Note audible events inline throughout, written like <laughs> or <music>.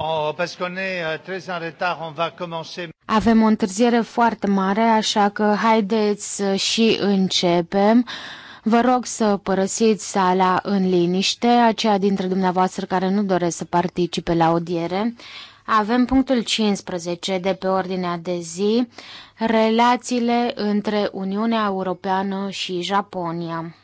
Oh, euh, Avem o întârziere foarte mare, așa că haideți uh, și începem. Vă rog să părăsiți sala în liniște, aceia dintre dumneavoastră care nu doresc să participe la audiere. Avem punctul 15 de pe ordinea de zi, relațiile între Uniunea Europeană și Japonia.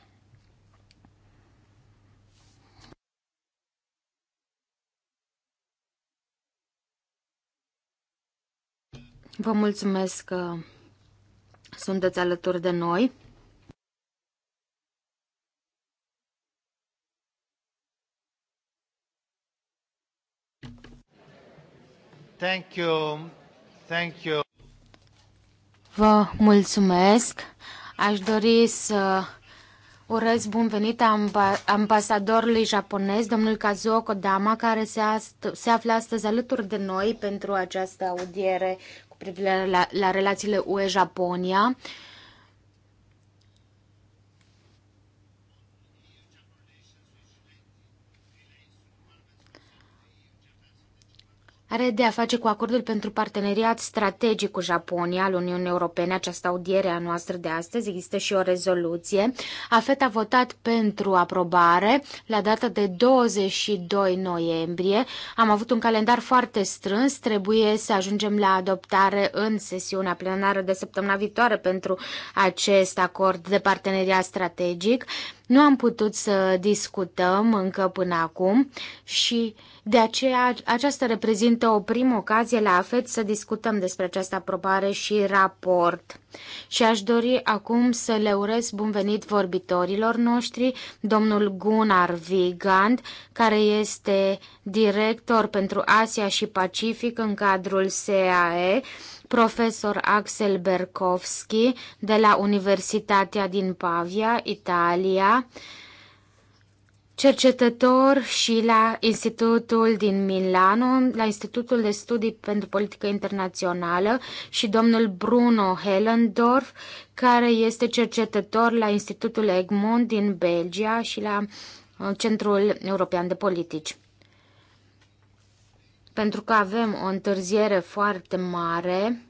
Vă mulțumesc că sunteți alături de noi. Thank you. Thank you. Vă mulțumesc. Aș dori să urez bun venit ambasadorului japonez, domnul Kazuo Kodama, care se, ast- se află astăzi alături de noi pentru această audiere privire la, la relațiile UE-Japonia Are de a face cu acordul pentru parteneriat strategic cu Japonia al Uniunii Europene, această audiere a noastră de astăzi. Există și o rezoluție. AFET a votat pentru aprobare la data de 22 noiembrie. Am avut un calendar foarte strâns. Trebuie să ajungem la adoptare în sesiunea plenară de săptămâna viitoare pentru acest acord de parteneriat strategic. Nu am putut să discutăm încă până acum și de aceea aceasta reprezintă o primă ocazie la AFET să discutăm despre această aprobare și raport. Și aș dori acum să le urez bun venit vorbitorilor noștri, domnul Gunnar Vigand, care este director pentru Asia și Pacific în cadrul SAE, profesor Axel Berkovski de la Universitatea din Pavia, Italia, cercetător și la Institutul din Milano, la Institutul de Studii pentru Politică Internațională și domnul Bruno Hellendorf, care este cercetător la Institutul Egmont din Belgia și la uh, Centrul European de Politici pentru că avem o întârziere foarte mare,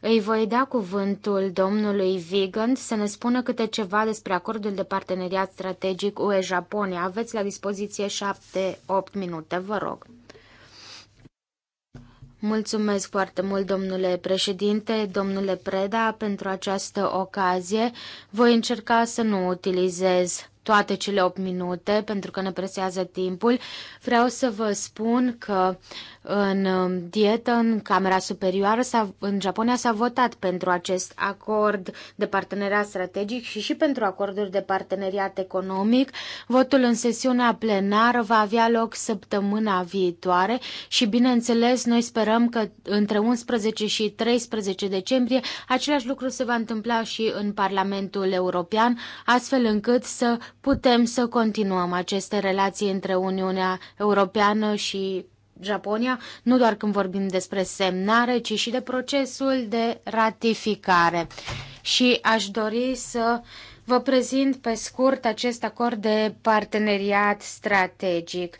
îi voi da cuvântul domnului Vigand să ne spună câte ceva despre acordul de parteneriat strategic UE-Japonia. Aveți la dispoziție 7-8 minute, vă rog. Mulțumesc foarte mult, domnule președinte, domnule Preda, pentru această ocazie. Voi încerca să nu utilizez toate cele 8 minute pentru că ne presează timpul. Vreau să vă spun că în um, dietă, în Camera Superioară, în Japonia s-a votat pentru acest acord de parteneriat strategic și și pentru acorduri de parteneriat economic. Votul în sesiunea plenară va avea loc săptămâna viitoare și, bineînțeles, noi sperăm că între 11 și 13 decembrie același lucru se va întâmpla și în Parlamentul European, astfel încât să putem să continuăm aceste relații între Uniunea Europeană și Japonia, nu doar când vorbim despre semnare, ci și de procesul de ratificare. Și aș dori să vă prezint pe scurt acest acord de parteneriat strategic,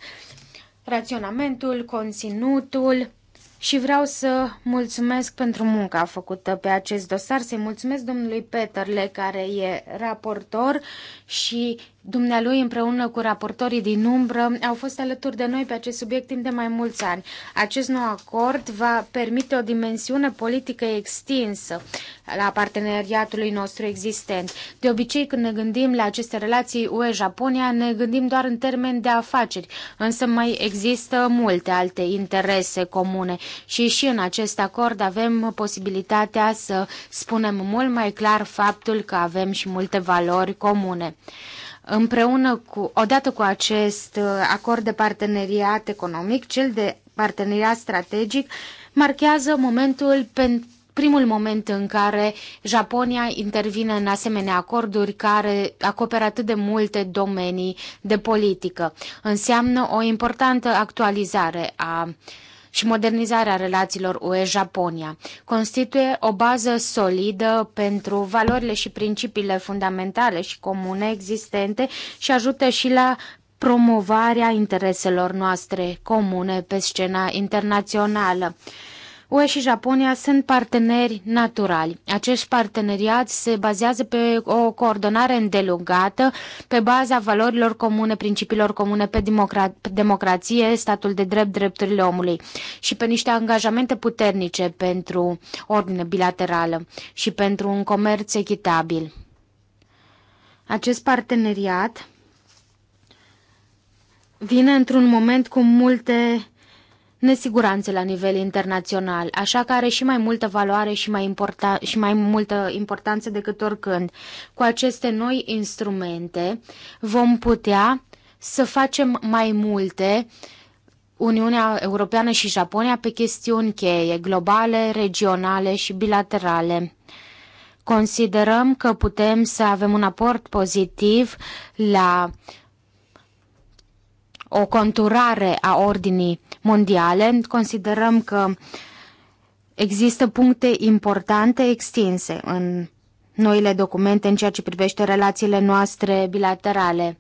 raționamentul, conținutul și vreau să mulțumesc pentru munca făcută pe acest dosar, să-i mulțumesc domnului Peterle, care e raportor și Dumnealui împreună cu raportorii din umbră au fost alături de noi pe acest subiect timp de mai mulți ani. Acest nou acord va permite o dimensiune politică extinsă la parteneriatului nostru existent. De obicei, când ne gândim la aceste relații UE-Japonia, ne gândim doar în termeni de afaceri, însă mai există multe alte interese comune și și în acest acord avem posibilitatea să spunem mult mai clar faptul că avem și multe valori comune. Împreună cu, odată cu acest uh, acord de parteneriat economic, cel de parteneriat strategic, marchează momentul pentru primul moment în care Japonia intervine în asemenea acorduri care acoperă atât de multe domenii de politică. Înseamnă o importantă actualizare a uh, și modernizarea relațiilor UE-Japonia constituie o bază solidă pentru valorile și principiile fundamentale și comune existente și ajută și la promovarea intereselor noastre comune pe scena internațională. UE și Japonia sunt parteneri naturali. Acești parteneriați se bazează pe o coordonare îndelugată, pe baza valorilor comune, principiilor comune pe democra- democrație, statul de drept, drepturile omului și pe niște angajamente puternice pentru ordine bilaterală și pentru un comerț echitabil. Acest parteneriat vine într-un moment cu multe nesiguranțe la nivel internațional, așa că are și mai multă valoare și mai, importa, și mai multă importanță decât oricând. Cu aceste noi instrumente vom putea să facem mai multe Uniunea Europeană și Japonia pe chestiuni cheie, globale, regionale și bilaterale. Considerăm că putem să avem un aport pozitiv la uh, o conturare a ordinii mondiale, considerăm că există puncte importante extinse în noile documente în ceea ce privește relațiile noastre bilaterale.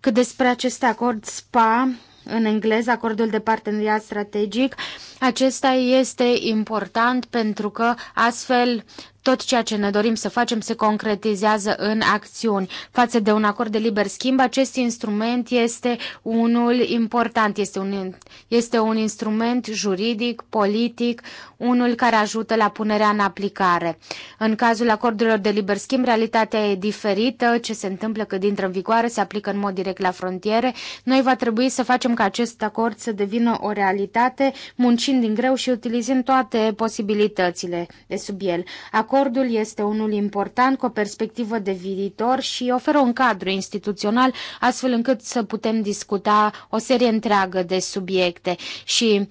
Cât despre acest acord SPA, în engleză, acordul de parteneriat strategic, acesta este important pentru că astfel tot ceea ce ne dorim să facem se concretizează în acțiuni. Față de un acord de liber schimb, acest instrument este unul important, este un, este un instrument juridic, politic, unul care ajută la punerea în aplicare. În cazul acordurilor de liber schimb, realitatea e diferită, ce se întâmplă că intră în vigoare, se aplică în mod direct la frontiere. Noi va trebui să facem ca acest acord să devină o realitate, muncind din greu și utilizând toate posibilitățile de sub el. Acum Acordul este unul important cu o perspectivă de viitor și oferă un cadru instituțional astfel încât să putem discuta o serie întreagă de subiecte și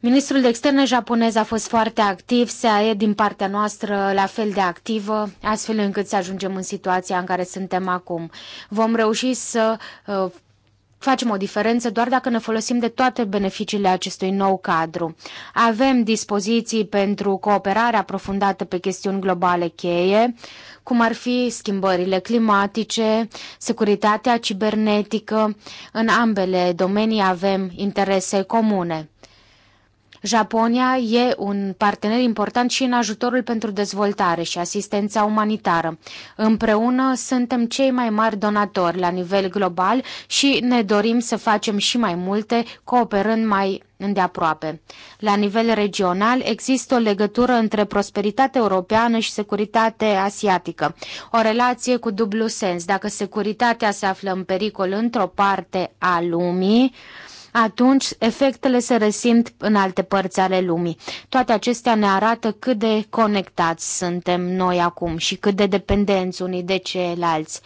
Ministrul de Externe japonez a fost foarte activ, se e din partea noastră la fel de activă, astfel încât să ajungem în situația în care suntem acum. Vom reuși să uh, facem o diferență doar dacă ne folosim de toate beneficiile acestui nou cadru. Avem dispoziții pentru cooperare aprofundată pe chestiuni globale cheie, cum ar fi schimbările climatice, securitatea cibernetică. În ambele domenii avem interese comune. Japonia e un partener important și în ajutorul pentru dezvoltare și asistența umanitară. Împreună suntem cei mai mari donatori la nivel global și ne dorim să facem și mai multe cooperând mai îndeaproape. La nivel regional există o legătură între prosperitate europeană și securitate asiatică, o relație cu dublu sens. Dacă securitatea se află în pericol într-o parte a lumii, uh, atunci efectele se resimt în alte părți ale lumii. Toate acestea ne arată cât de conectați suntem noi acum și cât de dependenți unii de ceilalți.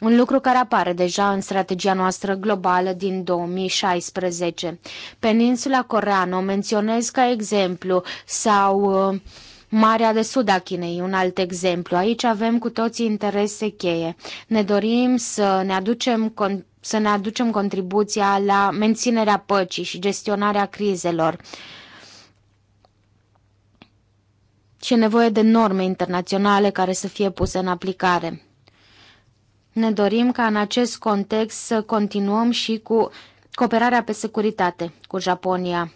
Un lucru care apare deja în strategia noastră globală din 2016. Peninsula Coreană o menționez ca exemplu sau uh, Marea de Sud a Chinei, un alt exemplu. Aici avem cu toții interese cheie. Ne dorim să ne aducem să ne aducem contribuția la menținerea păcii și gestionarea crizelor. Și e nevoie de norme internaționale care să fie puse în aplicare. Ne dorim ca în acest context să continuăm și cu cooperarea pe securitate cu Japonia.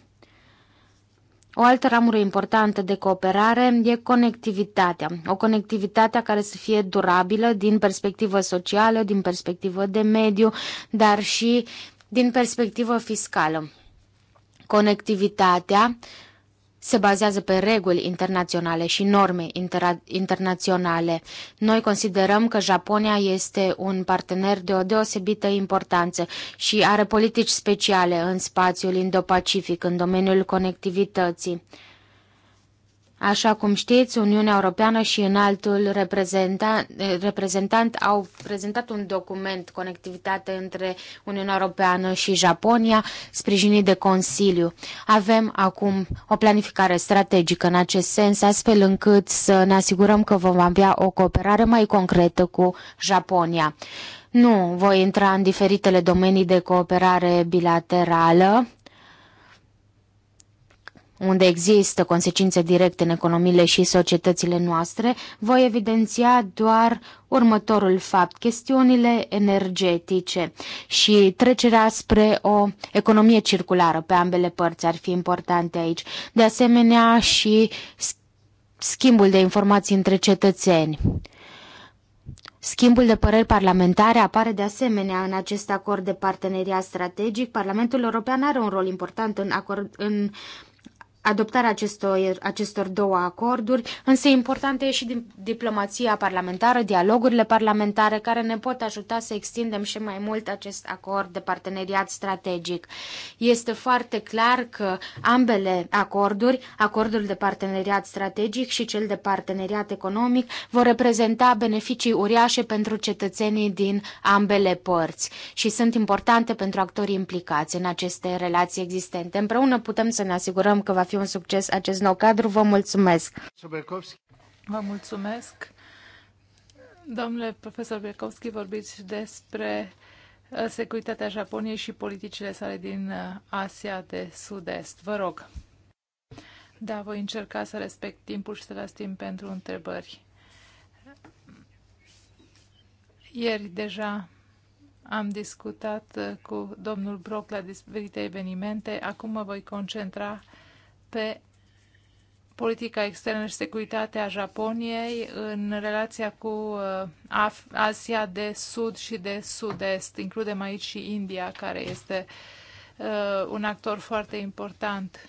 O altă ramură importantă de cooperare e conectivitatea. O conectivitate care să fie durabilă din perspectivă socială, din perspectivă de mediu, dar și din perspectivă fiscală. Conectivitatea se bazează pe reguli internaționale și norme inter- internaționale. Noi considerăm că Japonia este un partener de o deosebită importanță și are politici speciale în spațiul Indo-Pacific, în domeniul conectivității. Așa cum știți, Uniunea Europeană și înaltul reprezentant, reprezentant au prezentat un document conectivitate între Uniunea Europeană și Japonia, sprijinit de Consiliu. Avem acum o planificare strategică în acest sens, astfel încât să ne asigurăm că vom avea o cooperare mai concretă cu Japonia. Nu voi intra în diferitele domenii de cooperare bilaterală unde există consecințe directe în economiile și societățile noastre, voi evidenția doar următorul fapt, chestiunile energetice și trecerea spre o economie circulară pe ambele părți ar fi importante aici. De asemenea și schimbul de informații între cetățeni. Schimbul de păreri parlamentare apare de asemenea în acest acord de parteneriat strategic. Parlamentul European are un rol important în, acord, în adoptarea acestor, acestor două acorduri, însă importantă e și diplomația parlamentară, dialogurile parlamentare care ne pot ajuta să extindem și mai mult acest acord de parteneriat strategic. Este foarte clar că ambele acorduri, acordul de parteneriat strategic și cel de parteneriat economic, vor reprezenta beneficii uriașe pentru cetățenii din ambele părți și sunt importante pentru actorii implicați în aceste relații existente. Împreună putem să ne asigurăm că va fi un succes acest nou cadru. Vă mulțumesc! Vă mulțumesc! Domnule profesor Berkovski, vorbiți despre uh, securitatea Japoniei și politicile sale din uh, Asia de Sud-Est. Vă rog! Da, voi încerca să respect timpul și să las timp pentru întrebări. Ieri deja am discutat uh, cu domnul Brock la diferite evenimente. Acum mă voi concentra pe politica externă și securitatea Japoniei în relația cu uh, Asia de Sud și de Sud-Est. Includem aici și India, care este uh, un actor foarte important.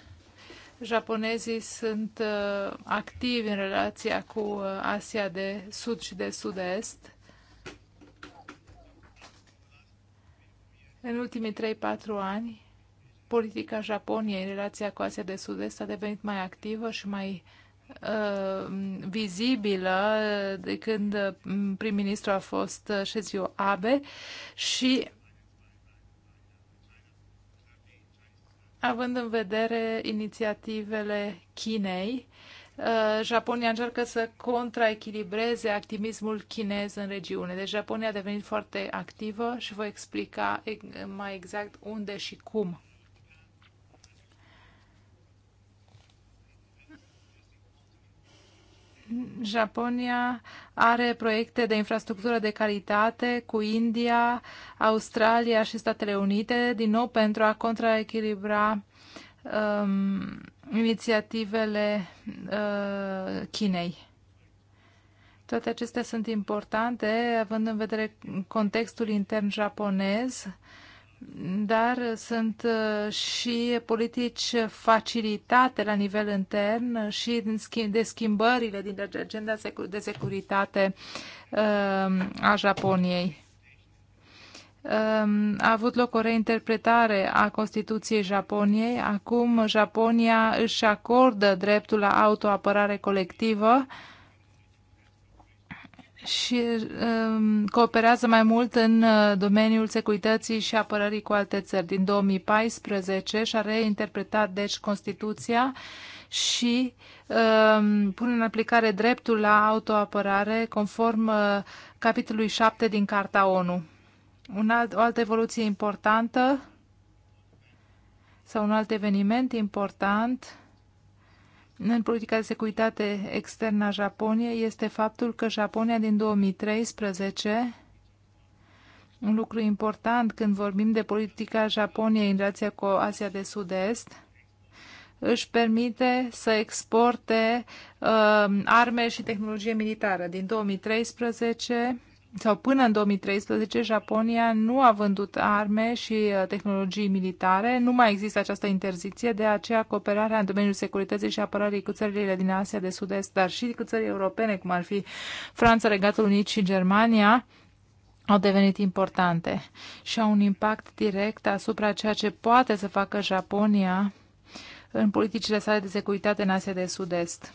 Japonezii sunt uh, activi în relația cu Asia de Sud și de Sud-Est. În ultimii 3-4 ani, Politica Japoniei în relația cu Asia de Sud-Est a devenit mai activă și mai uh, vizibilă de când mm, prim-ministru a fost uh, Shizio Abe și având în vedere inițiativele Chinei, uh, Japonia încearcă să contraechilibreze activismul chinez în regiune. Deci Japonia a devenit foarte activă și voi explica mai exact unde și cum. Japonia are proiecte de infrastructură de calitate cu India, Australia și Statele Unite, din nou pentru a contraechilibra um, inițiativele uh, Chinei. Toate acestea sunt importante, având în vedere contextul intern japonez, uh, dar sunt uh, și politici facilitate la nivel intern și de schimbările din agenda de securitate uh, a Japoniei. Um, a avut loc o reinterpretare a Constituției Japoniei. Acum Japonia își acordă dreptul la autoapărare colectivă și um, cooperează mai mult în uh, domeniul securității și apărării cu alte țări. Din 2014 și-a reinterpretat, deci, Constituția și um, pune în aplicare dreptul la autoapărare conform uh, capitolului 7 din Carta ONU. Un alt, o altă evoluție importantă sau un alt eveniment important în politica de securitate externă a Japoniei este faptul că Japonia din 2013, un lucru important când vorbim de politica Japoniei în relația cu Asia de Sud-Est, își permite să exporte uh, arme și tehnologie militară. Din 2013, sau până în 2013, Japonia nu a vândut arme și uh, tehnologii militare, nu mai există această interziție, de aceea cooperarea în domeniul securității și apărării cu țările din Asia de Sud-Est, dar și cu țările europene, cum ar fi Franța, Regatul Unit și Germania, au devenit importante și au un impact direct asupra ceea ce poate să facă Japonia în politicile sale de securitate în Asia de Sud-Est.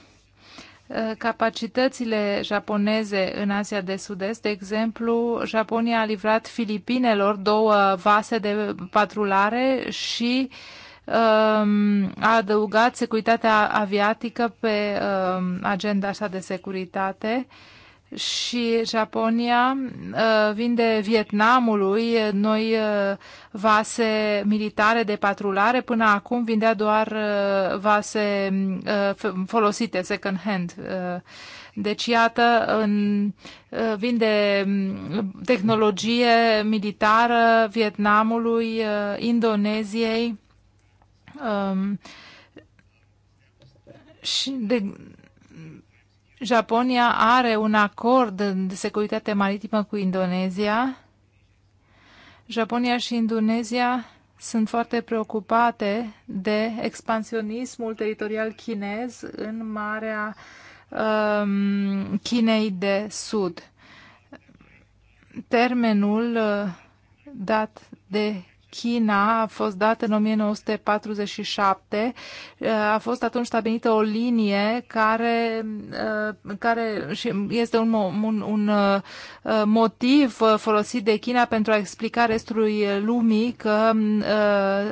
Eh, capacitățile japoneze în Asia de Sud-Est. De exemplu, Japonia a livrat Filipinelor două vase de patrulare și ehm, a adăugat securitatea aviatică pe ehm, agenda sa de securitate și Japonia uh, vinde Vietnamului noi uh, vase militare de patrulare. Până acum vindea doar uh, vase folosite second hand. Deci, iată, în, vinde mm, tehnologie militară Vietnamului, Indoneziei um, și de, Japonia are un acord de securitate maritimă cu Indonezia. Japonia și Indonezia sunt foarte preocupate de expansionismul teritorial chinez în Marea um, Chinei de Sud. Termenul uh, dat de China a fost dat în 1947. Uh, a fost atunci stabilită o linie care, uh, care este un, un, un uh, motiv folosit de China pentru a explica restului lumii că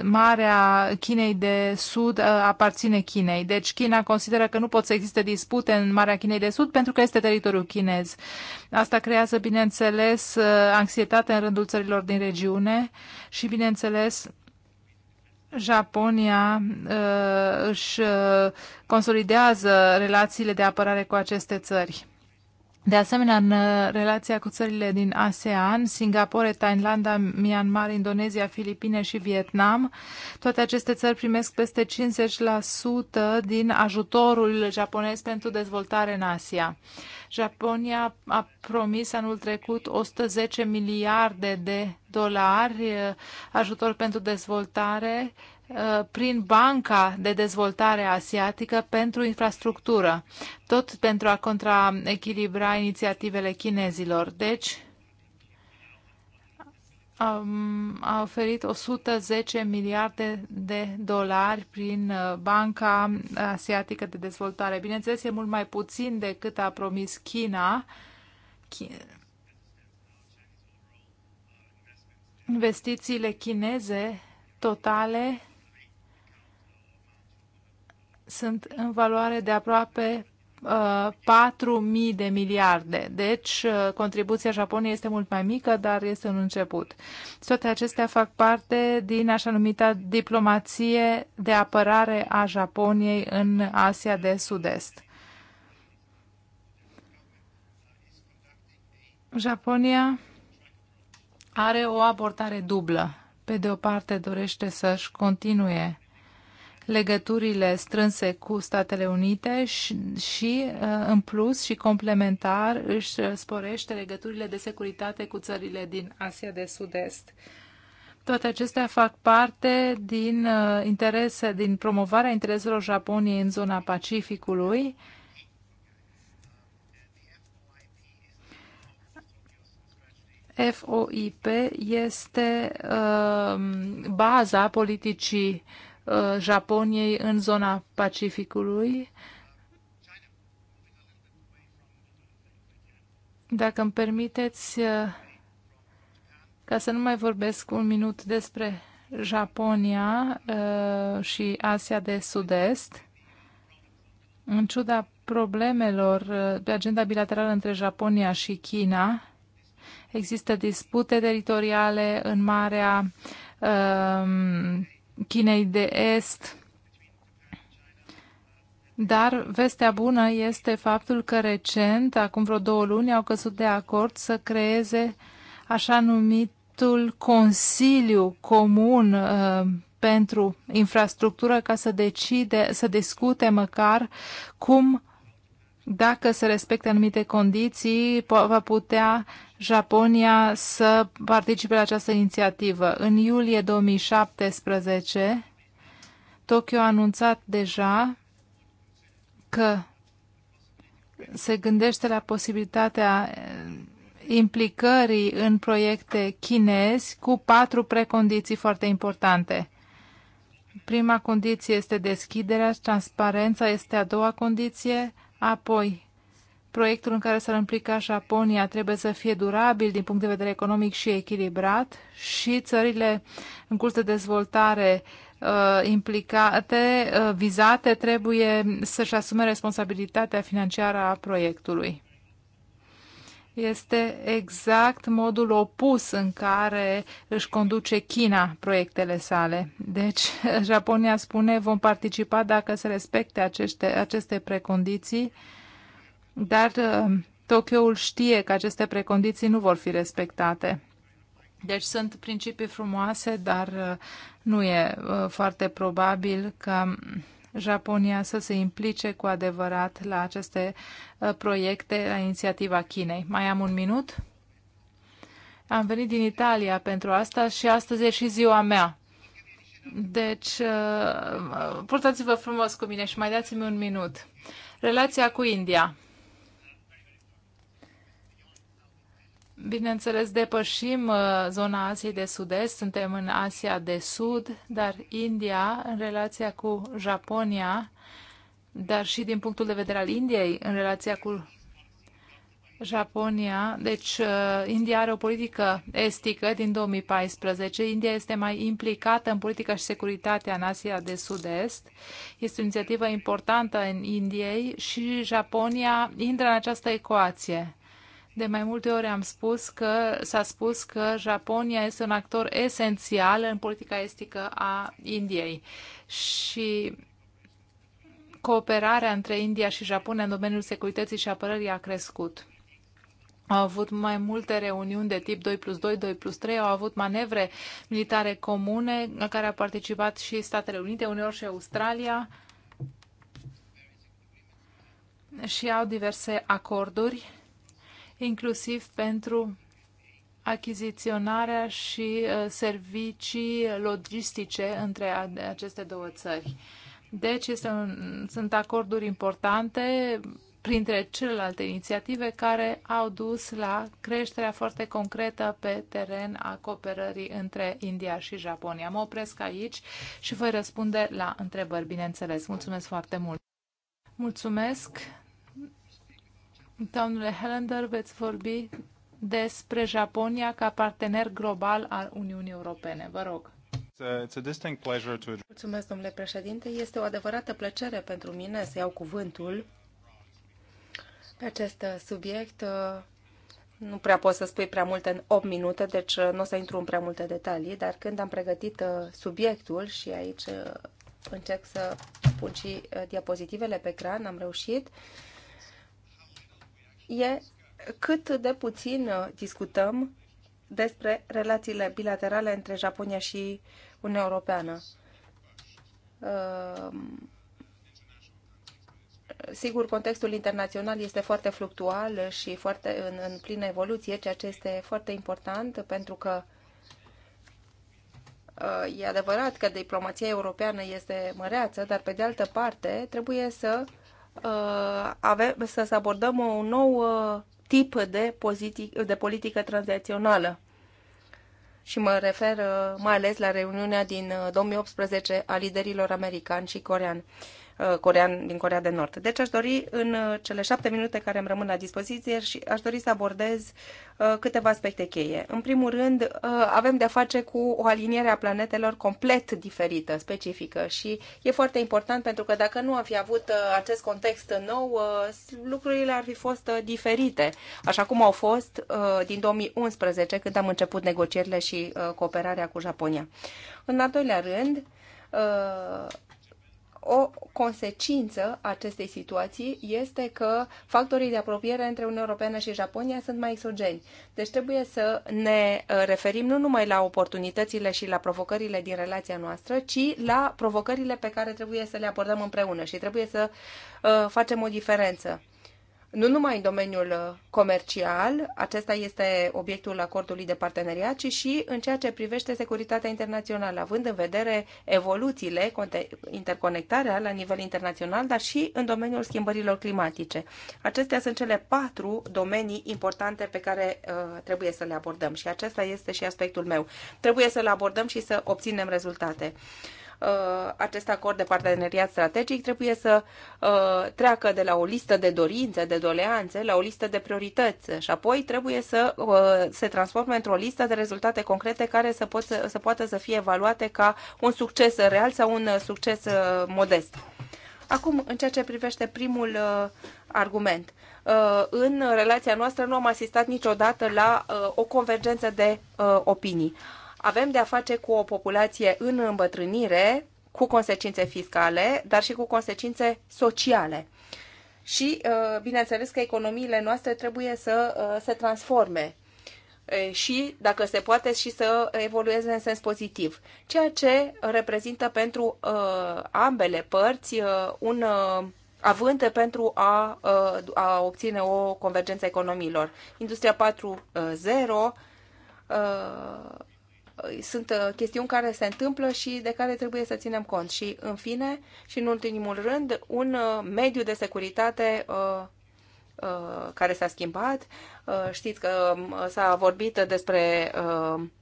Marea Chinei de Sud aparține Chinei. Deci China consideră că nu pot să existe dispute în Marea Chinei de Sud pentru că este teritoriul chinez. Asta creează, bineînțeles, anxietate în rândul țărilor din regiune și, bineînțeles, Bineînțeles, Japonia uh, își uh, consolidează relațiile de apărare cu aceste țări. De asemenea, în uh, relația cu țările din ASEAN, Singapore, Thailanda, Myanmar, Indonezia, Filipine și Vietnam, toate aceste țări primesc peste 50% din ajutorul japonez pentru dezvoltare în Asia. Japonia a promis anul trecut 110 miliarde de dolari uh, ajutor pentru dezvoltare Uh, prin Banca de Dezvoltare Asiatică pentru Infrastructură, tot pentru a contraechilibra inițiativele chinezilor. Deci, a oferit 110 miliarde de dolari prin uh, Banca Asiatică de Dezvoltare. Bineînțeles, e mult mai puțin decât a promis China. Investițiile chineze totale sunt în valoare de aproape 4.000 uh, de miliarde. Deci, uh, contribuția Japoniei este mult mai mică, dar este un început. Toate acestea fac parte din așa numita diplomație de apărare a Japoniei în Asia de Sud-Est. Japonia are o abordare dublă. Pe de o parte, dorește să-și continue legăturile strânse cu Statele Unite și, și uh, în plus și complementar își sporește legăturile de securitate cu țările din Asia de Sud-Est. Toate acestea fac parte din uh, interese, din promovarea intereselor Japoniei în zona Pacificului. FOIP este uh, baza politicii uh, Uh, Japoniei în zona Pacificului. Dacă îmi permiteți, uh, ca să nu mai vorbesc un minut despre Japonia uh, și Asia de Sud-Est, în ciuda problemelor pe agenda bilaterală între Japonia și China, există dispute teritoriale în Marea um, Chinei de Est. Dar vestea bună este faptul că recent, acum vreo două luni, au căzut de acord să creeze așa numitul Consiliu Comun uh, pentru infrastructură ca să decide, să discute măcar cum dacă se respectă anumite condiții, va putea Japonia să participe la această inițiativă. În iulie 2017, Tokyo a anunțat deja că se gândește la posibilitatea eh, implicării în proiecte chinezi cu patru precondiții foarte importante. Prima condiție este deschiderea, transparența este a doua condiție, Apoi, proiectul în care s-ar implica Japonia trebuie să fie durabil din punct de vedere economic și echilibrat și țările în curs de dezvoltare uh, implicate, uh, vizate, trebuie să-și asume responsabilitatea financiară a proiectului este exact modul opus în care își conduce China proiectele sale. Deci, <laughs> Japonia spune, vom participa dacă se respecte aceste, aceste precondiții, dar uh, Tokyo-ul știe că aceste precondiții nu vor fi respectate. Deci sunt principii frumoase, dar uh, nu e uh, foarte probabil că Japonia să se implice cu adevărat la aceste uh, proiecte, la inițiativa Chinei. Mai am un minut? Am venit din Italia pentru asta și astăzi e și ziua mea. Deci, uh, purtați-vă frumos cu mine și mai dați-mi un minut. Relația cu India. Bineînțeles, depășim uh, zona Asiei de Sud-Est, suntem în Asia de Sud, dar India, în relația cu Japonia, dar și din punctul de vedere al Indiei, în relația cu Japonia, deci uh, India are o politică estică din 2014. India este mai implicată în politica și securitatea în Asia de Sud-Est. Este o inițiativă importantă în Indiei și Japonia intră în această ecuație. De mai multe ori am spus că s-a spus că Japonia este un actor esențial în politica estică a Indiei și cooperarea între India și Japonia în domeniul securității și apărării a crescut. Au avut mai multe reuniuni de tip 2 plus 2, 2 plus 3, au avut manevre militare comune la care au participat și Statele Unite, uneori și Australia și au diverse acorduri inclusiv pentru achiziționarea și uh, servicii logistice între aceste două țări. Deci este un, sunt acorduri importante printre celelalte inițiative care au dus la creșterea foarte concretă pe teren a cooperării între India și Japonia. Mă opresc aici și voi răspunde la întrebări, bineînțeles. Mulțumesc foarte mult! Mulțumesc! Domnule Helander, veți vorbi despre Japonia ca partener global al Uniunii Europene. Vă rog. Mulțumesc, domnule președinte. Este o adevărată plăcere pentru mine să iau cuvântul pe acest uh, subiect. Uh, nu prea pot să spui prea multe în 8 minute, deci uh, nu o să intru în prea multe detalii, dar când am pregătit subiectul și aici încerc să pun și diapozitivele pe ecran, am reușit. Uh, e cât de puțin uh, discutăm despre relațiile bilaterale între Japonia și Uniunea Europeană. Uh, sigur, contextul internațional este foarte fluctual și foarte în, în plină evoluție, ceea ce este foarte important pentru că uh, e adevărat că diplomația europeană este măreață, dar pe de altă parte trebuie să Uh, ave, să, abordăm un nou uh, tip de, pozitic, de politică tranzacțională. Și mă refer uh, mai ales la reuniunea din 2018 a liderilor americani și coreani. Uh, corean, din Corea de Nord. Deci aș dori în uh, cele șapte minute care îmi rămân la dispoziție și aș dori să abordez uh, câteva aspecte cheie. În primul rând, avem de-a face cu o aliniere a planetelor complet diferită, specifică și e foarte important pentru că dacă nu am fi avut acest context nou, lucrurile ar fi fost diferite, așa cum au fost din 2011 când am început negocierile și cooperarea cu Japonia. În al doilea rând, o consecință a acestei situații este că factorii de apropiere între Uniunea Europeană și Japonia sunt mai exogeni. Deci trebuie să ne uh, referim nu numai la oportunitățile și la provocările din relația noastră, ci la provocările pe care trebuie să le abordăm împreună și trebuie să uh, facem o diferență nu numai în domeniul uh, comercial, acesta este obiectul acordului de parteneriat, ci și în ceea ce privește securitatea internațională, având în vedere evoluțiile, interconectarea la nivel internațional, dar și în domeniul schimbărilor climatice. Acestea sunt cele patru domenii importante pe care uh, trebuie să le abordăm și acesta este și aspectul meu. Trebuie să le abordăm și să obținem rezultate. Uh, Uh, acest acord de parteneriat strategic trebuie să uh, treacă de la o listă de dorințe, de doleanțe, la o listă de priorități și apoi trebuie să uh, se transforme într-o listă de rezultate concrete care să, pot, să poată să fie evaluate ca un succes real sau un succes modest. Acum, în ceea ce privește primul uh, argument, uh, în relația noastră nu am asistat niciodată la uh, o convergență de uh, opinii. Uh, avem de a face cu o populație în îmbătrânire, cu consecințe fiscale, dar și cu consecințe sociale. Și, uh, bineînțeles, că economiile noastre trebuie să uh, se transforme și, dacă se poate, și să evolueze în sens pozitiv, ceea ce reprezintă pentru uh, ambele părți un avânt pentru a, a obține o convergență economiilor. Industria 4.0 sunt uh, chestiuni care se întâmplă și de care trebuie să ținem cont. Și, în fine, și în ultimul rând, un uh, mediu de securitate uh, care s-a schimbat. Știți că um, s-a vorbit despre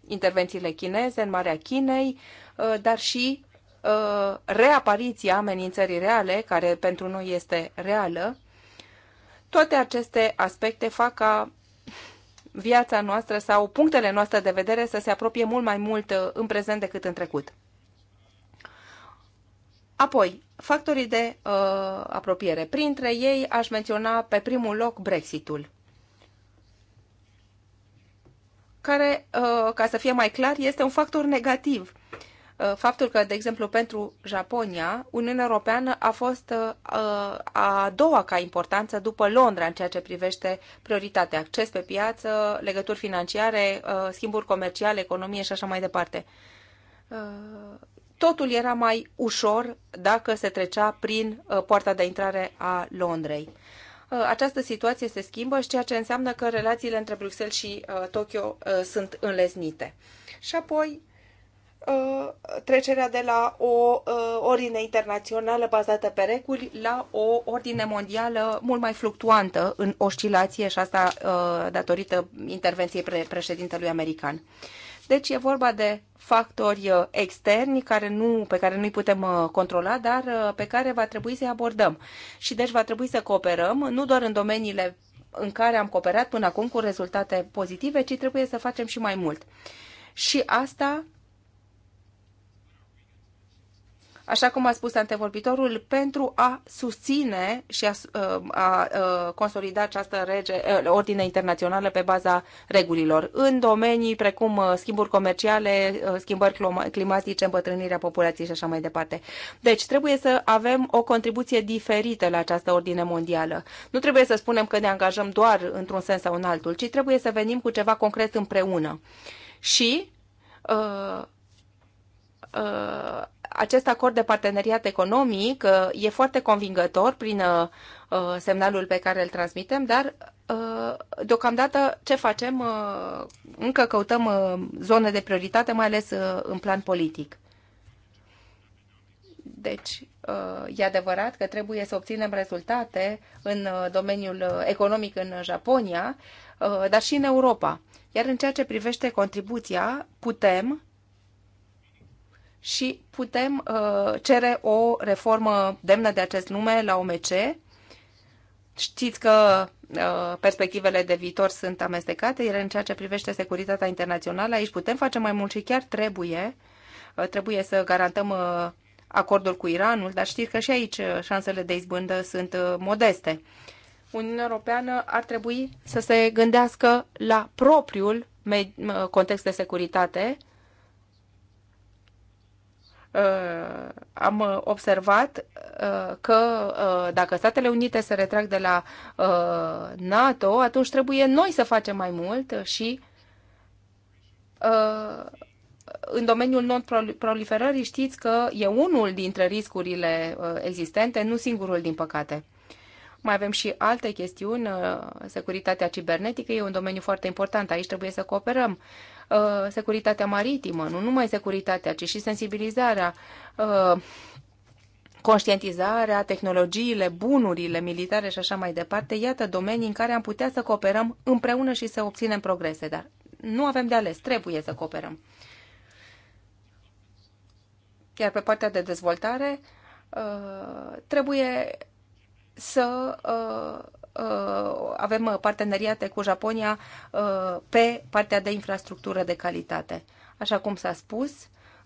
intervențiile chineze în Marea Chinei, dar și reapariția amenințării reale, care pentru noi este reală. Toate aceste aspecte fac ca viața noastră sau punctele noastre de vedere să se apropie mult mai mult uh, în prezent decât în trecut. Apoi, factorii de uh, apropiere. Printre ei aș menționa pe primul loc Brexitul, care, uh, ca să fie mai clar, este un factor negativ uh, Uh, faptul că, de exemplu, pentru Japonia, Uniunea Europeană a fost uh, a doua ca importanță după Londra în ceea ce privește prioritatea, acces pe piață, legături financiare, uh, schimburi comerciale, economie și așa mai departe. Totul era mai ușor dacă se trecea prin poarta de intrare a Londrei această situație se schimbă și ceea ce înseamnă că relațiile între Bruxelles și Tokyo sunt înleznite. Și apoi Uh, trecerea de la o uh, ordine internațională bazată pe reguli la o ordine mondială mult mai fluctuantă în oscilație și asta uh, datorită intervenției pre președintelui american. Deci e vorba de factori externi care nu, pe care nu-i putem controla, dar pe care va trebui să-i abordăm. Și deci va trebui să cooperăm, nu doar în domeniile în care am cooperat până acum cu rezultate pozitive, ci trebuie să facem și mai mult. Și asta așa cum a spus antevorbitorul, pentru a susține și a, a, a consolida această rege, ordine internațională pe baza regulilor în domenii precum schimburi comerciale, schimbări climatice, îmbătrânirea populației și așa mai departe. Deci trebuie să avem o contribuție diferită la această ordine mondială. Nu trebuie să spunem că ne angajăm doar într-un sens sau în altul, ci trebuie să venim cu ceva concret împreună. Și uh, uh, acest acord de parteneriat economic uh, e foarte convingător prin uh, uh, semnalul pe care îl transmitem, dar deocamdată ce facem? Încă căutăm zone de prioritate, mai ales în plan politic. Deci, e adevărat că trebuie să obținem rezultate în domeniul economic în Japonia, dar și în Europa. Iar în ceea ce privește contribuția, putem și putem uh, cere o reformă demnă de acest nume la OMC. Știți că uh, perspectivele de viitor sunt amestecate, iar în ceea ce privește securitatea internațională, aici putem face mai mult și chiar trebuie. Uh, trebuie să garantăm uh, acordul cu Iranul, dar știți că și aici uh, șansele de izbândă sunt uh, modeste. Uniunea Europeană ar trebui să se gândească la propriul uh, context de securitate Uh, am observat uh, că uh, dacă Statele Unite se retrag de la NATO, atunci trebuie noi să facem mai mult și în domeniul non-proliferării știți că e unul dintre riscurile existente, nu singurul, din păcate. Mai avem și alte chestiuni. Securitatea cibernetică e un domeniu foarte important. Aici trebuie să cooperăm. Uh, securitatea maritimă, nu numai securitatea, ci și sensibilizarea, uh, conștientizarea, tehnologiile, bunurile militare și așa mai departe. Iată domenii în care am putea să cooperăm împreună și să obținem progrese, dar nu avem de ales, trebuie să cooperăm. Iar pe partea de dezvoltare, uh, trebuie să Uh, avem parteneriate cu Japonia uh, pe partea de infrastructură de calitate. Așa cum s-a spus,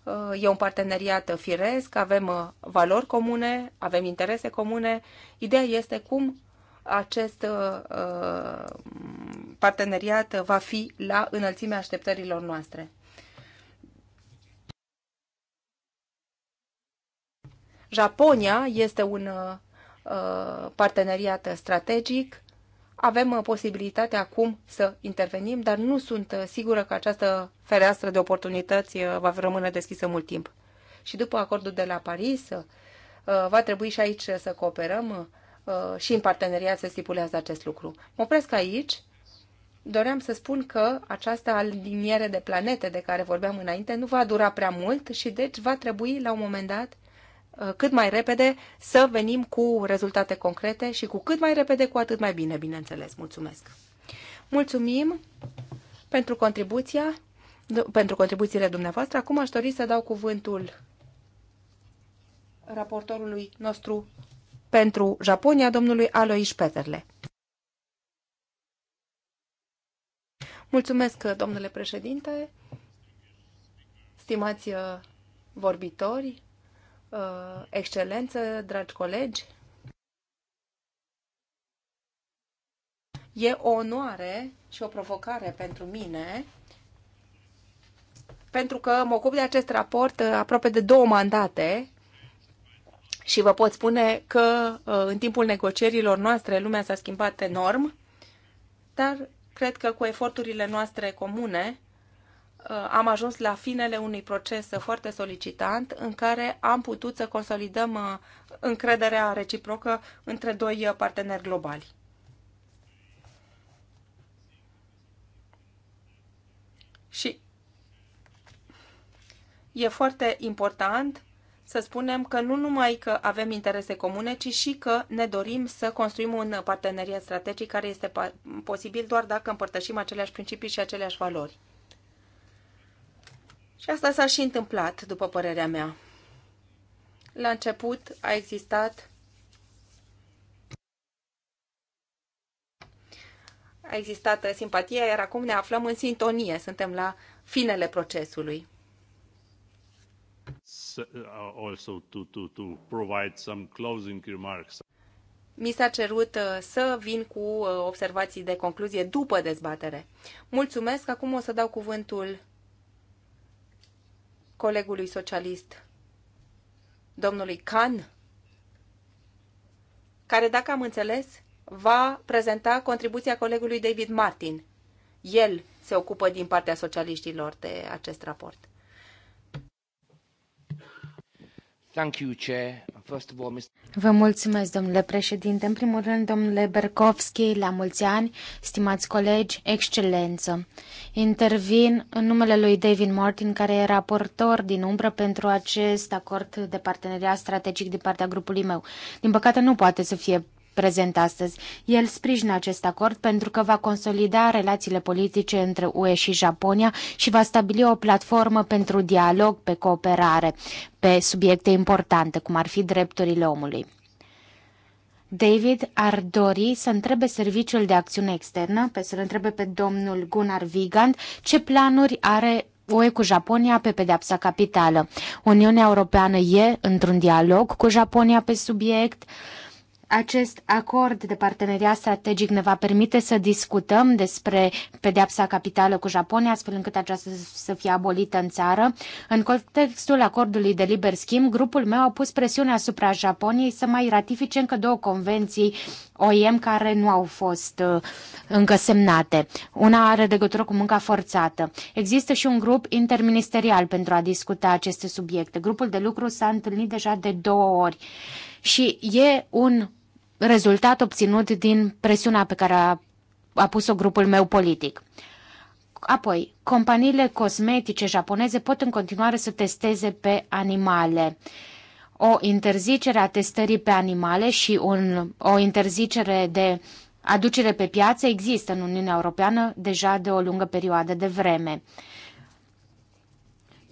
uh, e un parteneriat firesc, avem valori comune, avem interese comune. Ideea este cum acest parteneriat va fi la înălțimea așteptărilor noastre. Japonia este un Uh, parteneriat strategic. Avem uh, posibilitatea acum să intervenim, dar nu sunt uh, sigură că această fereastră de oportunități va rămâne deschisă mult timp. Și după acordul de la Paris, va trebui și aici să cooperăm și în parteneriat se stipulează acest lucru. Mă opresc aici. Doream să spun că această aliniere de planete de care vorbeam înainte nu va dura prea mult și deci va trebui la un moment dat Uh, cât mai repede să venim cu rezultate concrete și cu cât mai repede, cu atât mai bine, bineînțeles. Mulțumesc! Mulțumim pentru contribuția, pentru contribuțiile dumneavoastră. Acum aș dori să dau cuvântul raportorului nostru pentru Japonia, domnului Alois Peterle. Mulțumesc, domnule președinte, stimați uh, vorbitori, Uh, excelență, dragi colegi. E o onoare și o provocare pentru mine, pentru că mă ocup de acest raport uh, aproape de două mandate și vă pot spune că uh, în timpul negocierilor noastre lumea s-a schimbat enorm, dar cred că cu eforturile noastre comune Uh, am ajuns la finele unui proces foarte solicitant în care am putut să consolidăm uh, încrederea reciprocă între doi uh, parteneri globali. Și e foarte important să spunem că nu numai că avem interese comune, ci și că ne dorim să construim un parteneriat strategic care este posibil doar dacă împărtășim aceleași principii și aceleași valori. Și asta s-a și întâmplat, după părerea mea. La început a existat a existat simpatia. iar acum ne aflăm în sintonie, suntem la finele procesului. Uh, also to, to, to provide some closing remarks. Mi s-a cerut uh, să vin cu uh, observații de concluzie după dezbatere. Mulțumesc, acum o să dau cuvântul colegului socialist, domnului Khan, care, dacă am înțeles, va prezenta contribuția colegului David Martin. El se ocupă din partea socialiștilor de acest raport. Vă mulțumesc, domnule președinte. În primul rând, domnule Berkovski, la mulți ani, stimați colegi, excelență. Intervin în numele lui David Martin, care e raportor din umbră pentru acest acord de parteneriat strategic din partea grupului meu. Din păcate, nu poate să fie prezent astăzi. El sprijină acest acord pentru că va consolida relațiile politice între UE și Japonia și va stabili o platformă pentru dialog pe cooperare pe subiecte importante, cum ar fi drepturile omului. David ar dori să întrebe Serviciul de Acțiune Externă, pe să-l întrebe pe domnul Gunnar Vigand, ce planuri are UE cu Japonia pe pedepsa capitală. Uniunea Europeană e într-un dialog cu Japonia pe subiect. Uh, acest acord de parteneriat strategic ne va permite să discutăm despre pedeapsa capitală cu Japonia, astfel încât aceasta să fie abolită în țară. În contextul acordului de liber schimb, grupul meu a pus presiune asupra Japoniei să mai ratifice încă două convenții OIM care nu au fost uh, încă semnate. Una are legătură cu munca forțată. Există și un grup interministerial pentru a discuta aceste subiecte. Grupul de lucru s-a întâlnit deja de două ori și e un rezultat obținut din presiunea pe care a, a pus-o grupul meu politic. Apoi, companiile cosmetice japoneze pot în continuare să testeze pe animale. O interzicere a testării pe animale și un, o interzicere de aducere pe piață există în Uniunea Europeană deja de o lungă perioadă de vreme.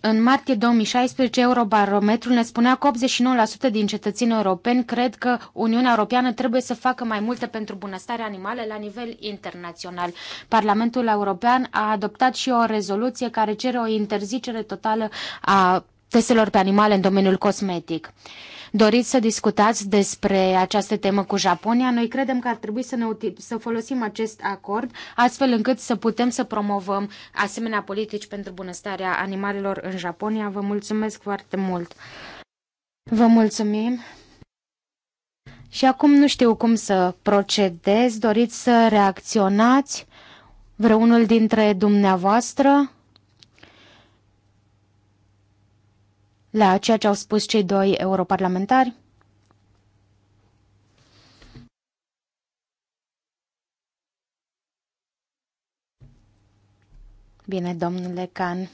În martie 2016, Eurobarometrul ne spunea că 89% din cetățenii europeni cred că Uniunea Europeană trebuie să facă mai multe pentru bunăstarea animale la nivel internațional. Parlamentul European a adoptat și o rezoluție care cere o interzicere totală a testelor pe animale în domeniul cosmetic. Doriți să discutați despre această temă cu Japonia? Noi credem că ar trebui să, ne util- să folosim acest acord astfel încât să putem să promovăm asemenea politici pentru bunăstarea animalelor în Japonia. Vă mulțumesc foarte mult! Vă mulțumim! Și acum nu știu cum să procedez. Doriți să reacționați vreunul dintre dumneavoastră? la ceea ce au spus cei doi europarlamentari? Bine, domnule Can.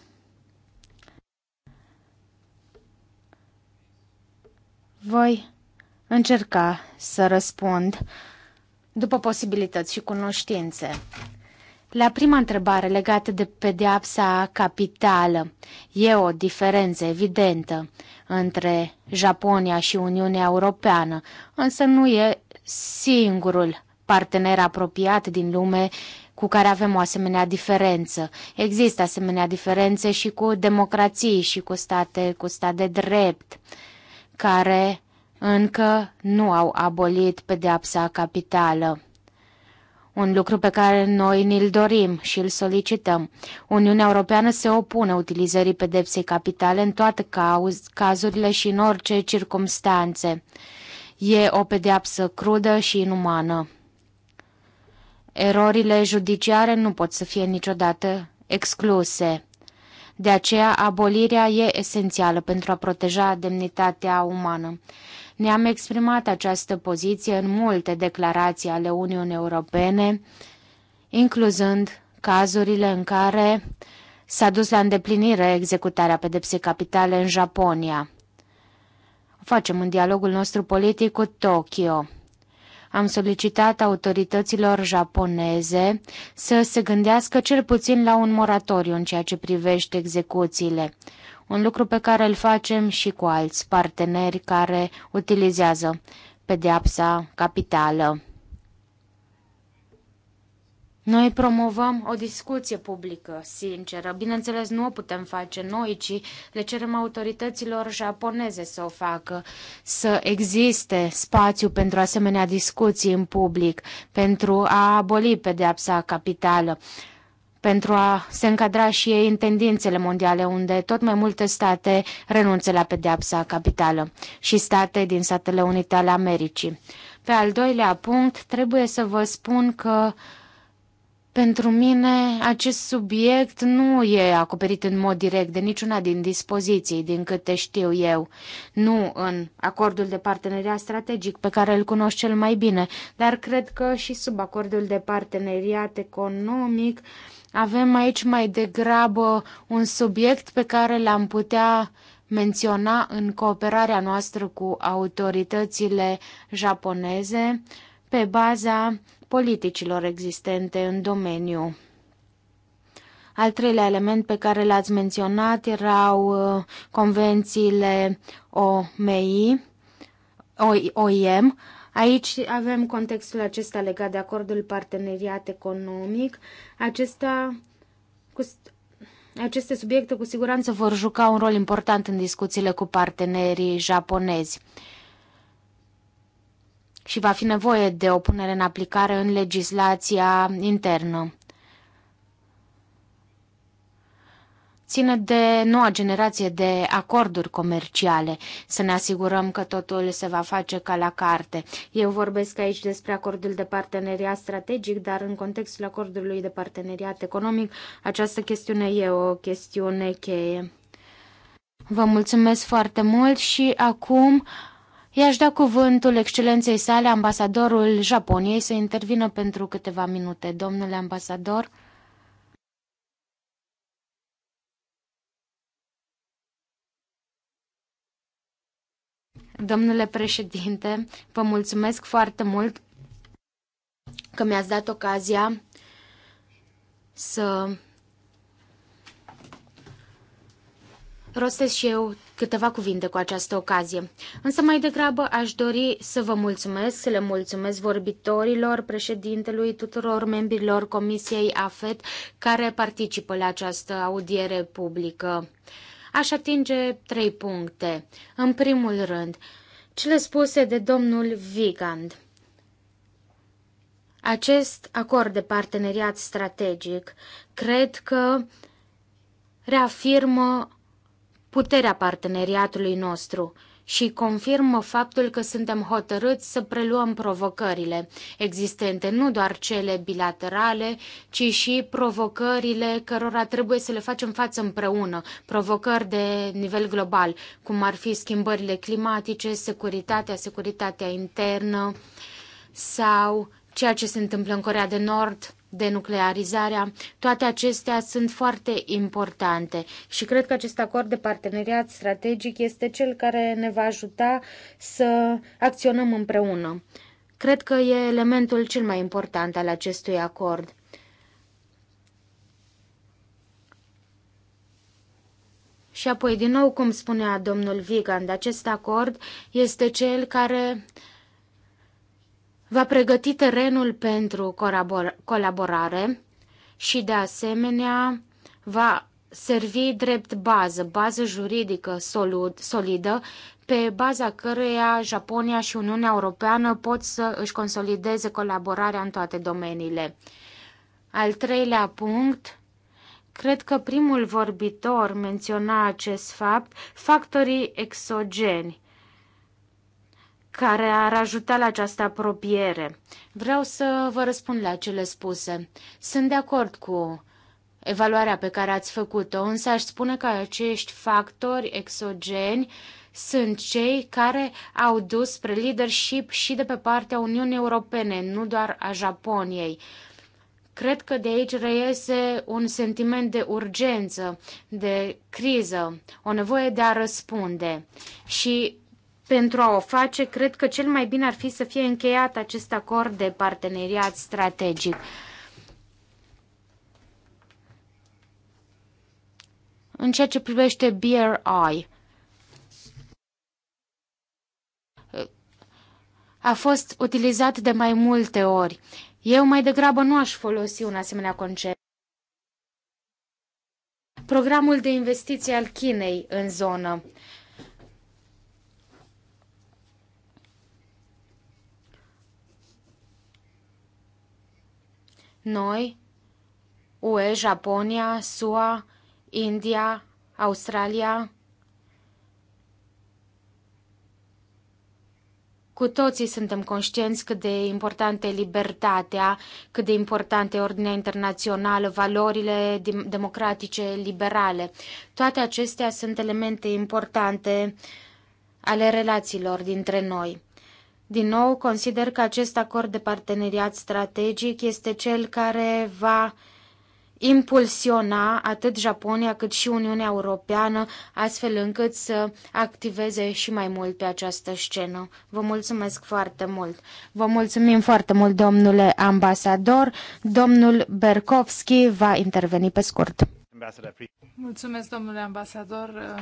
Voi încerca să răspund după posibilități și cunoștințe. La prima întrebare legată de pedeapsa capitală, e o diferență evidentă între Japonia și Uniunea Europeană, însă nu e singurul partener apropiat din lume cu care avem o asemenea diferență. Există asemenea diferențe și cu democrații și cu state, cu stat de drept, care încă nu au abolit pedeapsa capitală un lucru pe care noi ni-l dorim și îl solicităm. Uniunea Europeană se opune utilizării pedepsei capitale în toate cauz, cazurile și în orice circumstanțe. E o pedeapsă crudă și inumană. Erorile judiciare nu pot să fie niciodată excluse. De aceea, abolirea e esențială pentru a proteja demnitatea umană. Ne-am exprimat această poziție în multe declarații ale Uniunii Europene, incluzând cazurile în care s-a dus la îndeplinire executarea pedepsei capitale în Japonia. O facem în dialogul nostru politic cu Tokyo. Am solicitat autorităților japoneze să se gândească cel puțin la un moratoriu în ceea ce privește execuțiile un lucru pe care îl facem și cu alți parteneri care utilizează pedeapsa capitală. Noi promovăm o discuție publică, sinceră. Bineînțeles, nu o putem face noi, ci le cerem autorităților japoneze să o facă, să existe spațiu pentru asemenea discuții în public, pentru a aboli pedeapsa capitală pentru a se încadra și ei în tendințele mondiale, unde tot mai multe state renunță la pedeapsa capitală și state din Statele Unite ale Americii. Pe al doilea punct, trebuie să vă spun că pentru mine acest subiect nu e acoperit în mod direct de niciuna din dispoziții, din câte știu eu. Nu în acordul de parteneriat strategic pe care îl cunosc cel mai bine, dar cred că și sub acordul de parteneriat economic uh, avem aici mai degrabă un subiect pe care l-am putea menționa în cooperarea noastră cu autoritățile japoneze pe baza politicilor existente în domeniu. Al treilea element pe care l-ați menționat erau uh, convențiile OMI, OIM, Aici avem contextul acesta legat de acordul parteneriat economic. Acesta, cu, aceste subiecte cu siguranță vor juca un rol important în discuțiile cu partenerii japonezi și va fi nevoie de o punere în aplicare în legislația internă. ține de noua generație de acorduri comerciale, să ne asigurăm că totul se va face ca la carte. Eu vorbesc aici despre acordul de parteneriat strategic, dar în contextul acordului de parteneriat economic, această chestiune e o chestiune cheie. Vă mulțumesc foarte mult și acum i-aș da cuvântul excelenței sale, ambasadorul Japoniei, să intervină pentru câteva minute. Domnule ambasador, Domnule președinte, vă mulțumesc foarte mult că mi-ați dat ocazia să rostesc și eu câteva cuvinte cu această ocazie. Însă mai degrabă aș dori să vă mulțumesc, să le mulțumesc vorbitorilor, președintelui, tuturor membrilor Comisiei AFET care participă la această audiere publică. Aș atinge trei puncte. În primul rând, cele spuse de domnul Vigand. Acest acord de parteneriat strategic cred că reafirmă puterea parteneriatului nostru și confirmă faptul că suntem hotărâți să preluăm provocările existente, nu doar cele bilaterale, ci și provocările cărora trebuie să le facem față împreună, provocări de nivel global, cum ar fi schimbările climatice, securitatea, securitatea internă sau ceea ce se întâmplă în Corea de Nord, denuclearizarea, toate acestea sunt foarte importante și cred că acest acord de parteneriat strategic este cel care ne va ajuta să acționăm împreună. Cred că e elementul cel mai important al acestui acord. Și apoi, din nou, cum spunea domnul Vigand, acest acord este cel care va pregăti terenul pentru colaborare și, de asemenea, va servi drept bază, bază juridică solidă, pe baza căreia Japonia și Uniunea Europeană pot să își consolideze colaborarea în toate domeniile. Al treilea punct, cred că primul vorbitor menționa acest fapt, factorii exogeni care ar ajuta la această apropiere. Vreau să vă răspund la cele spuse. Sunt de acord cu evaluarea pe care ați făcut-o, însă aș spune că acești factori exogeni sunt cei care au dus spre leadership și de pe partea Uniunii Europene, nu doar a Japoniei. Cred că de aici reiese un sentiment de urgență, de criză, o nevoie de a răspunde. Și pentru a o face, cred că cel mai bine ar fi să fie încheiat acest acord de parteneriat strategic. În ceea ce privește BRI, a fost utilizat de mai multe ori. Eu mai degrabă nu aș folosi un asemenea concept. Programul de investiții al Chinei în zonă. Noi, UE, Japonia, SUA, India, Australia, Cu toții suntem conștienți cât de importantă e libertatea, cât de importantă e ordinea internațională, valorile democratice, liberale. Toate acestea sunt elemente importante ale relațiilor dintre noi. Din nou, consider că acest acord de parteneriat strategic este cel care va impulsiona atât Japonia cât și Uniunea Europeană, astfel încât să activeze și mai mult pe această scenă. Vă mulțumesc foarte mult! Vă mulțumim foarte mult, domnule ambasador. Domnul Berkovski va interveni pe scurt. Mulțumesc, domnule ambasador.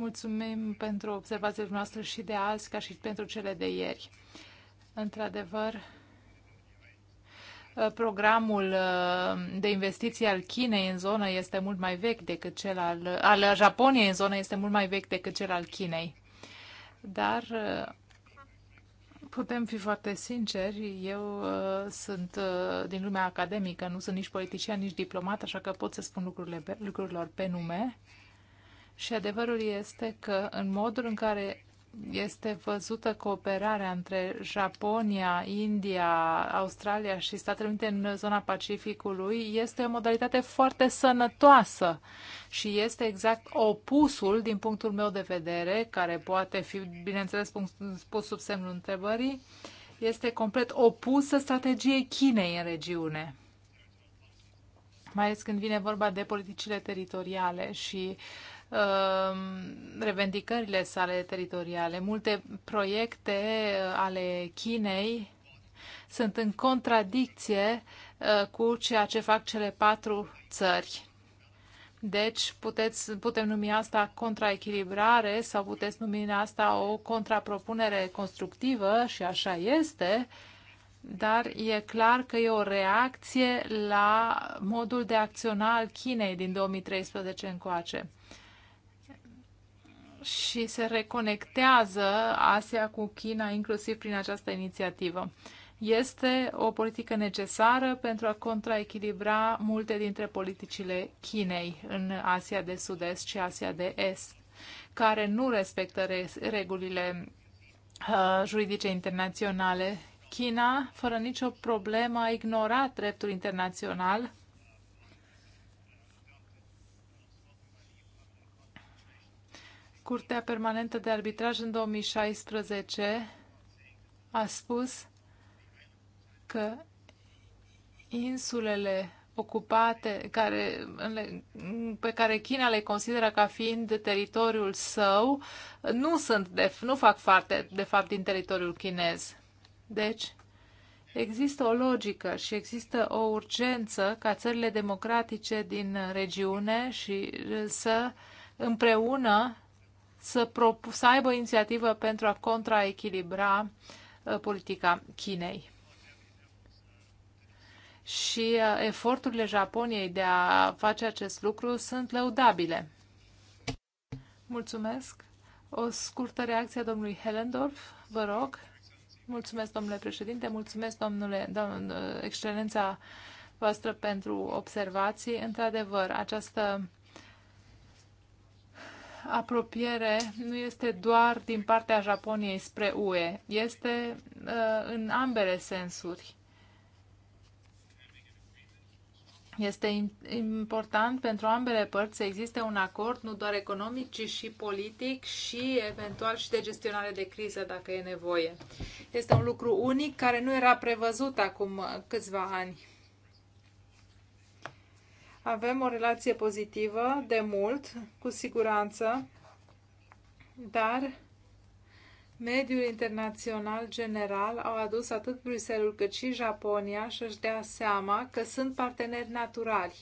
Mulțumim pentru observațiile noastre și de azi, ca și pentru cele de ieri. Într-adevăr, programul de investiții al Chinei în zonă este mult mai vechi decât cel al, al Japoniei în zonă este mult mai vechi decât cel al Chinei. Dar putem fi foarte sinceri, eu sunt din lumea academică, nu sunt nici politician, nici diplomat, așa că pot să spun lucrurile, lucrurilor pe nume. Și adevărul este că în modul în care este văzută cooperarea între Japonia, India, Australia și Statele Unite în zona Pacificului este o modalitate foarte sănătoasă și este exact opusul din punctul meu de vedere, care poate fi, bineînțeles, pus sub semnul întrebării, este complet opusă strategiei Chinei în regiune mai ales când vine vorba de politicile teritoriale și uh, Um, revendicările sale teritoriale. Multe proiecte uh, ale Chinei sunt în contradicție uh, cu ceea ce fac cele patru țări. Deci puteți, putem numi asta contraechilibrare sau puteți numi asta o contrapropunere constructivă și așa este, dar e clar că e o reacție la modul de acționa al Chinei din 2013 încoace și se reconectează Asia cu China, inclusiv prin această inițiativă. Este o politică necesară pentru a contraechilibra multe dintre politicile Chinei în Asia de Sud-Est și Asia de Est, care nu respectă regulile uh, juridice internaționale. China, fără nicio problemă, a ignorat dreptul internațional Curtea Permanentă de Arbitraj în 2016 a spus că insulele ocupate care, pe care China le consideră ca fiind teritoriul său nu, sunt de, nu fac parte, de fapt, din teritoriul chinez. Deci, există o logică și există o urgență ca țările democratice din regiune și să împreună să, propu- să aibă inițiativă pentru a contraechilibra uh, politica Chinei. Și uh, eforturile Japoniei de a face acest lucru sunt lăudabile. Mulțumesc. O scurtă reacție a domnului Helendorf, vă rog. Mulțumesc, domnule președinte, mulțumesc, domnule, domn, uh, excelența voastră pentru observații. Într-adevăr, această apropiere nu este doar din partea Japoniei spre UE, este uh, în ambele sensuri. Este important pentru ambele părți să existe un acord, nu doar economic, ci și politic și eventual și de gestionare de criză, dacă e nevoie. Este un lucru unic care nu era prevăzut acum câțiva ani. Avem o relație pozitivă de mult, cu siguranță, dar mediul internațional general au adus atât Bruselul cât și Japonia și și dea seama că sunt parteneri naturali.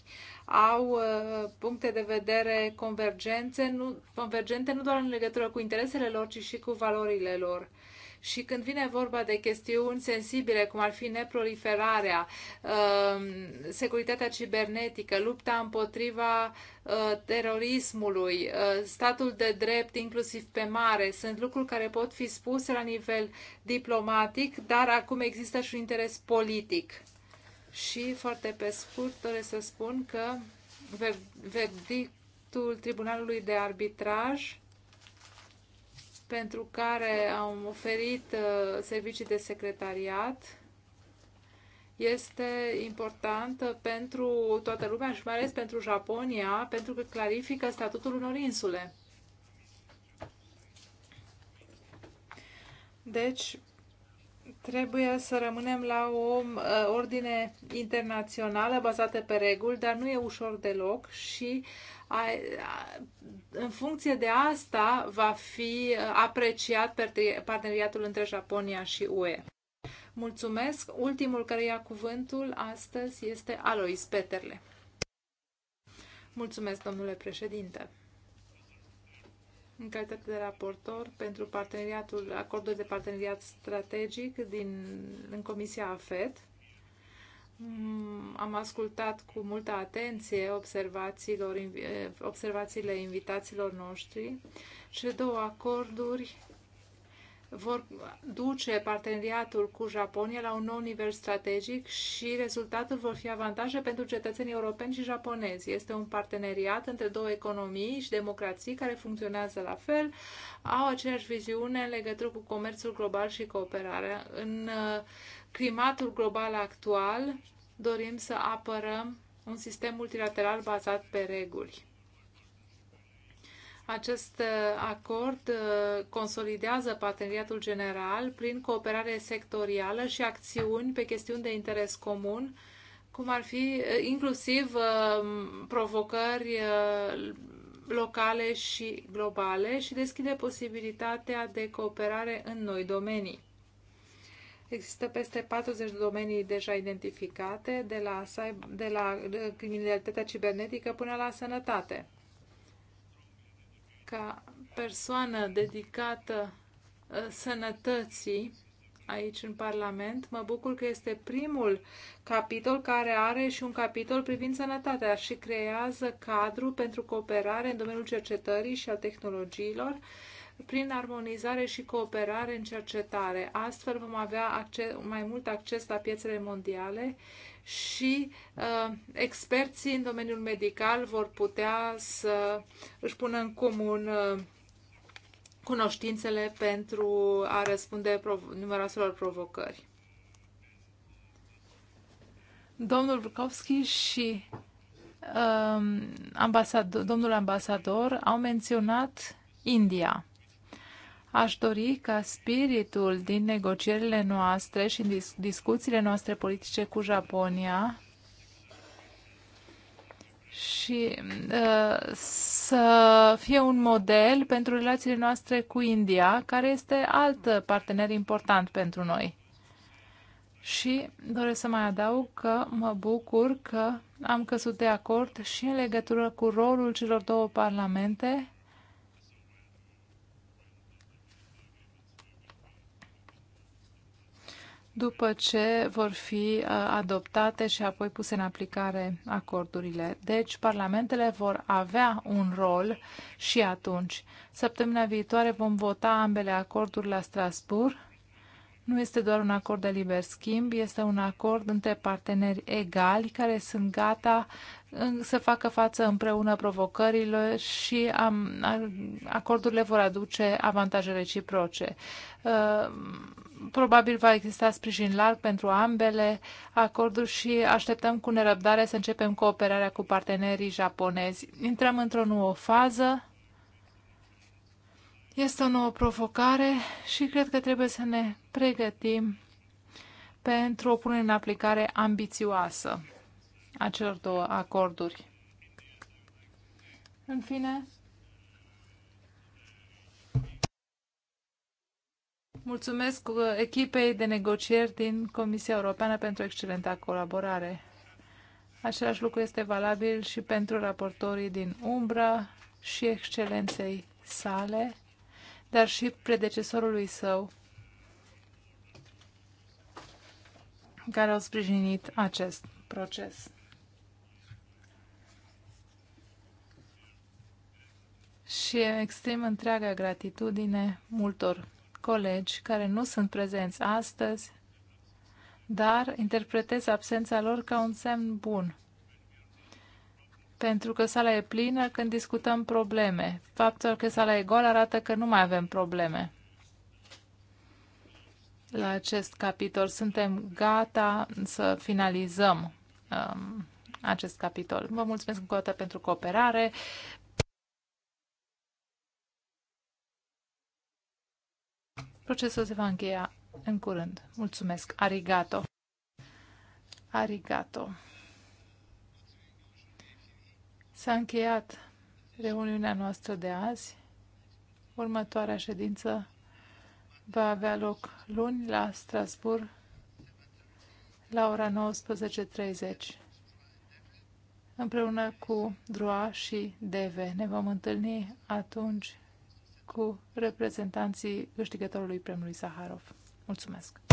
Au uh, puncte de vedere convergențe nu, convergente nu doar în legătură cu interesele lor, ci și cu valorile lor. Și când vine vorba de chestiuni sensibile, cum ar fi neproliferarea, um, securitatea cibernetică, lupta împotriva uh, terorismului, uh, statul de drept, inclusiv pe mare, sunt lucruri care pot fi spuse la nivel diplomatic, dar acum există și un interes politic. Și, foarte pe scurt, doresc să spun că verdictul Tribunalului de Arbitraj pentru care am oferit uh, servicii de secretariat este important pentru toată lumea și mai ales pentru Japonia, pentru că clarifică statutul unor insule. Deci, Trebuie să rămânem la o uh, ordine internațională bazată pe reguli, dar nu e ușor deloc și a, a, în funcție de asta va fi uh, apreciat parteneriatul între Japonia și UE. Mulțumesc! Ultimul care ia cuvântul astăzi este Alois Peterle. Mulțumesc, domnule președinte! în calitate de raportor pentru parteneriatul, acordul de parteneriat strategic din, în Comisia AFET. Mm, am ascultat cu multă atenție observațiilor, eh, observațiile invitaților noștri. ce două acorduri vor duce parteneriatul cu Japonia la un nou nivel strategic și rezultatul vor fi avantaje pentru cetățenii europeni și japonezi. Este un parteneriat între două economii și democrații care funcționează la fel, au aceeași viziune în legătură cu comerțul global și cooperarea. În uh, climatul global actual dorim să apărăm un sistem multilateral bazat pe reguli. Acest uh, acord uh, consolidează parteneriatul general prin cooperare sectorială și acțiuni pe chestiuni de interes comun, cum ar fi uh, inclusiv provocări locale și globale și deschide posibilitatea de cooperare în noi domenii. Există peste 40 domenii deja identificate, de la, de la criminalitatea cibernetică până la sănătate ca persoană dedicată uh, sănătății aici în Parlament. Mă bucur că este primul capitol care are și un capitol privind sănătatea și creează cadru pentru cooperare în domeniul cercetării și al tehnologiilor prin armonizare și cooperare în cercetare. Astfel vom avea acces, mai mult acces la piețele mondiale și uh, experții în domeniul medical vor putea să își pună în comun uh, cunoștințele pentru a răspunde prov- numeroaselor provocări. Domnul Vrkovski și um, ambasador, domnul ambasador au menționat India. Aș dori ca spiritul din negocierile noastre și în dis discuțiile noastre politice cu Japonia și uh, să fie un model pentru relațiile noastre cu India, care este alt partener important pentru noi. Și doresc să mai adaug că mă bucur că am căzut de acord și în legătură cu rolul celor două parlamente după ce vor fi uh, adoptate și apoi puse în aplicare acordurile. Deci, parlamentele vor avea un rol și atunci. Săptămâna viitoare vom vota ambele acorduri la Strasbourg. Nu este doar un acord de liber schimb, este un acord între parteneri egali care sunt gata să facă față împreună provocărilor și acordurile vor aduce avantaje reciproce. Uh, Probabil va exista sprijin larg pentru ambele acorduri și așteptăm cu nerăbdare să începem cooperarea cu partenerii japonezi. Intrăm într-o nouă fază. Este o nouă provocare și cred că trebuie să ne pregătim pentru o punere în aplicare ambițioasă a celor două acorduri. În fine, Mulțumesc uh, echipei de negocieri din Comisia Europeană pentru excelenta colaborare. Același lucru este valabil și pentru raportorii din Umbra și excelenței sale, dar și predecesorului său, care au sprijinit acest proces. Și exprim întreaga gratitudine multor colegi care nu sunt prezenți astăzi, dar interpretez absența lor ca un semn bun. Pentru că sala e plină când discutăm probleme. Faptul că sala e goală arată că nu mai avem probleme. La acest capitol suntem gata să finalizăm um, acest capitol. Vă mulțumesc încă o dată pentru cooperare, Procesul se va încheia în curând. Mulțumesc. Arigato. Arigato. S-a încheiat reuniunea noastră de azi. Următoarea ședință va avea loc luni la Strasbourg la ora 19.30 împreună cu Droa și Deve. Ne vom întâlni atunci cu reprezentanții câștigătorului premiului Saharov. Mulțumesc!